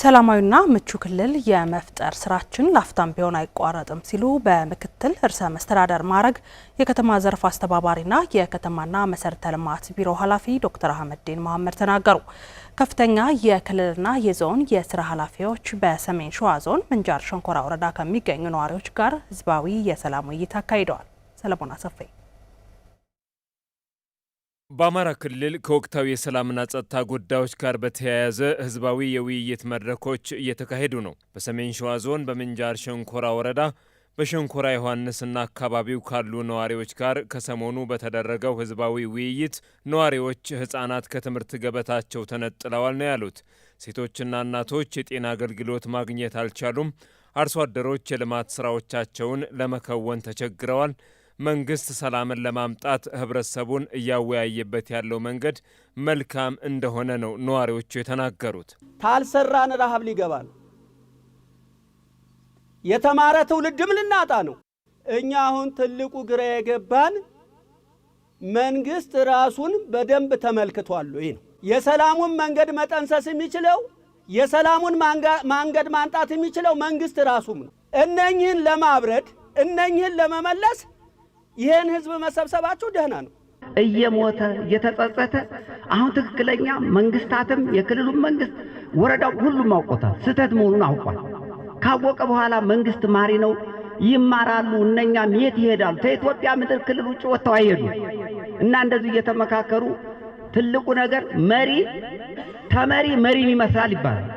ሰላማዊና ምቹ ክልል የመፍጠር ስራችን ላፍታም ቢሆን አይቋረጥም ሲሉ በምክትል ርዕሰ መስተዳደር ማዕረግ የከተማ ዘርፍ አስተባባሪና የከተማና መሰረተ ልማት ቢሮ ኃላፊ ዶክተር አህመዲን መሐመድ ተናገሩ። ከፍተኛ የክልልና የዞን የስራ ኃላፊዎች በሰሜን ሸዋ ዞን ምንጃር ሸንኮራ ወረዳ ከሚገኙ ነዋሪዎች ጋር ህዝባዊ የሰላም ውይይት አካሂደዋል። ሰለሞን አሰፋይ በአማራ ክልል ከወቅታዊ የሰላምና ጸጥታ ጉዳዮች ጋር በተያያዘ ህዝባዊ የውይይት መድረኮች እየተካሄዱ ነው። በሰሜን ሸዋ ዞን በምንጃር ሸንኮራ ወረዳ በሸንኮራ ዮሐንስና አካባቢው ካሉ ነዋሪዎች ጋር ከሰሞኑ በተደረገው ህዝባዊ ውይይት ነዋሪዎች ህጻናት ከትምህርት ገበታቸው ተነጥለዋል ነው ያሉት። ሴቶችና እናቶች የጤና አገልግሎት ማግኘት አልቻሉም። አርሶ አደሮች የልማት ስራዎቻቸውን ለመከወን ተቸግረዋል። መንግስት ሰላምን ለማምጣት ህብረተሰቡን እያወያየበት ያለው መንገድ መልካም እንደሆነ ነው ነዋሪዎቹ የተናገሩት። ታልሰራን ረሃብ ሊገባ ነው። የተማረ ትውልድም ልናጣ ነው። እኛ አሁን ትልቁ ግራ የገባን መንግስት ራሱን በደንብ ተመልክቷል። ይህ ነው የሰላሙን መንገድ መጠንሰስ የሚችለው የሰላሙን ማንገድ ማንጣት የሚችለው መንግስት ራሱም ነው። እነኝህን ለማብረድ እነኝህን ለመመለስ ይህን ህዝብ መሰብሰባችሁ ደህና ነው። እየሞተ እየተጸጸተ አሁን ትክክለኛ መንግስታትም የክልሉም መንግስት ወረዳው ሁሉም አውቆታል፣ ስህተት መሆኑን አውቋል። ካወቀ በኋላ መንግስት ማሪ ነው፣ ይማራሉ። እነኛም የት ይሄዳሉ? ከኢትዮጵያ ምድር ክልል ውጭ ወጥተው አይሄዱ እና እንደዚህ እየተመካከሩ ትልቁ ነገር መሪ ተመሪ መሪን ይመስላል ይባላል።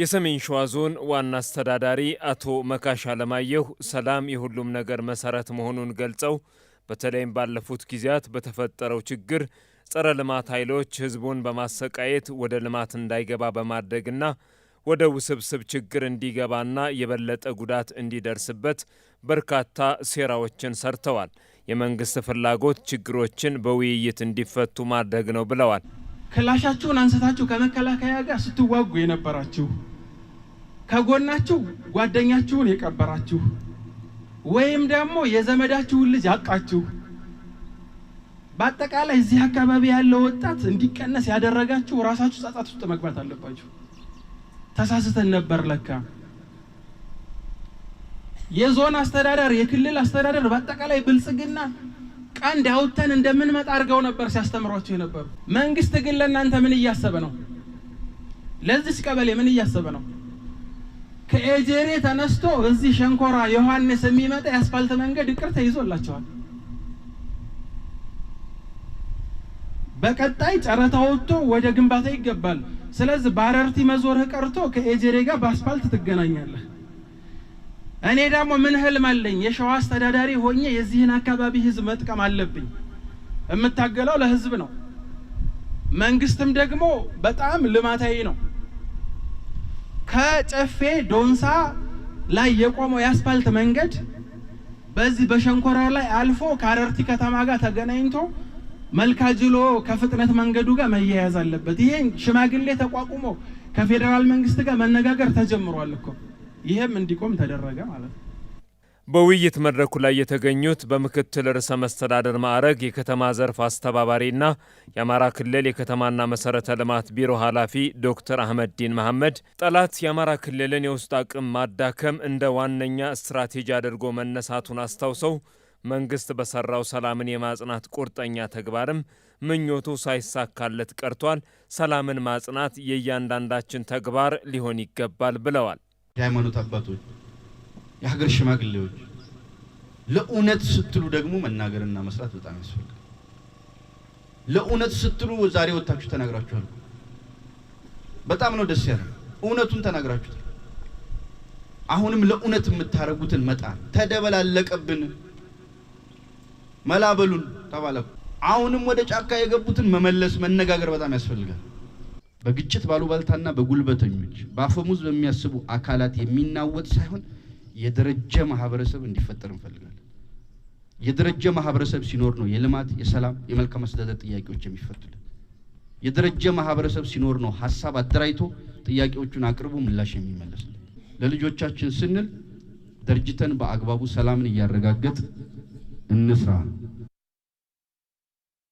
የሰሜን ሸዋ ዞን ዋና አስተዳዳሪ አቶ መካሽ አለማየሁ ሰላም የሁሉም ነገር መሰረት መሆኑን ገልጸው በተለይም ባለፉት ጊዜያት በተፈጠረው ችግር ጸረ ልማት ኃይሎች ህዝቡን በማሰቃየት ወደ ልማት እንዳይገባ በማድረግና ወደ ውስብስብ ችግር እንዲገባና የበለጠ ጉዳት እንዲደርስበት በርካታ ሴራዎችን ሰርተዋል። የመንግስት ፍላጎት ችግሮችን በውይይት እንዲፈቱ ማድረግ ነው ብለዋል። ክላሻችሁን አንስታችሁ ከመከላከያ ጋር ስትዋጉ የነበራችሁ ከጎናችሁ ጓደኛችሁን የቀበራችሁ ወይም ደግሞ የዘመዳችሁን ልጅ አቃችሁ፣ በአጠቃላይ እዚህ አካባቢ ያለው ወጣት እንዲቀነስ ያደረጋችሁ ራሳችሁ ጸጸት ውስጥ መግባት አለባችሁ። ተሳስተን ነበር ለካ። የዞን አስተዳደር፣ የክልል አስተዳደር በአጠቃላይ ብልጽግና ቀንድ አውጥተን እንደምንመጣ አድርገው ነበር ሲያስተምሯችሁ የነበሩ። መንግስት ግን ለእናንተ ምን እያሰበ ነው? ለዚች ቀበሌ ምን እያሰበ ነው? ከኤጀሬ ተነስቶ እዚህ ሸንኮራ ዮሐንስ የሚመጣ የአስፋልት መንገድ እቅር ተይዞላቸዋል። በቀጣይ ጨረታ ወጥቶ ወደ ግንባታ ይገባል። ስለዚህ ባረርቲ መዞርህ ቀርቶ ከኤጀሬ ጋር በአስፋልት ትገናኛለህ። እኔ ደግሞ ምን ህልም አለኝ? የሸዋ አስተዳዳሪ ሆኜ የዚህን አካባቢ ህዝብ መጥቀም አለብኝ። የምታገለው ለህዝብ ነው። መንግስትም ደግሞ በጣም ልማታዊ ነው። ከጨፌ ዶንሳ ላይ የቆመው የአስፋልት መንገድ በዚህ በሸንኮራ ላይ አልፎ ከአረርቲ ከተማ ጋር ተገናኝቶ መልካጅሎ ከፍጥነት መንገዱ ጋር መያያዝ አለበት። ይሄን ሽማግሌ ተቋቁሞ ከፌዴራል መንግስት ጋር መነጋገር ተጀምሯል እኮ ይሄም እንዲቆም ተደረገ ማለት ነው። በውይይት መድረኩ ላይ የተገኙት በምክትል ርዕሰ መስተዳደር ማዕረግ የከተማ ዘርፍ አስተባባሪና የአማራ ክልል የከተማና መሰረተ ልማት ቢሮ ኃላፊ ዶክተር አህመድ ዲን መሐመድ ጠላት የአማራ ክልልን የውስጥ አቅም ማዳከም እንደ ዋነኛ ስትራቴጂ አድርጎ መነሳቱን አስታውሰው መንግስት በሰራው ሰላምን የማጽናት ቁርጠኛ ተግባርም ምኞቱ ሳይሳካለት ቀርቷል፣ ሰላምን ማጽናት የእያንዳንዳችን ተግባር ሊሆን ይገባል ብለዋል። የሃይማኖት አባቶች የሀገር ሽማግሌዎች ለእውነት ስትሉ ደግሞ መናገርና መስራት በጣም ያስፈልጋል። ለእውነት ስትሉ ዛሬ ወታችሁ ተናግራችኋል። በጣም ነው ደስ ያለ። እውነቱን ተናግራችሁ አሁንም ለእውነት የምታደርጉትን መጣን ተደበላለቀብን፣ መላበሉን ተባለ። አሁንም ወደ ጫካ የገቡትን መመለስ መነጋገር በጣም ያስፈልጋል። በግጭት ባሉባልታና በጉልበተኞች በአፈሙዝ በሚያስቡ አካላት የሚናወጥ ሳይሆን የደረጀ ማህበረሰብ እንዲፈጠር እንፈልጋለን። የደረጀ ማህበረሰብ ሲኖር ነው የልማት፣ የሰላም፣ የመልካም አስተዳደር ጥያቄዎች የሚፈቱልን። የደረጀ ማህበረሰብ ሲኖር ነው ሀሳብ አደራጅቶ ጥያቄዎቹን አቅርቦ ምላሽ የሚመለስልን። ለልጆቻችን ስንል ደርጅተን በአግባቡ ሰላምን እያረጋገጥ እንስራ።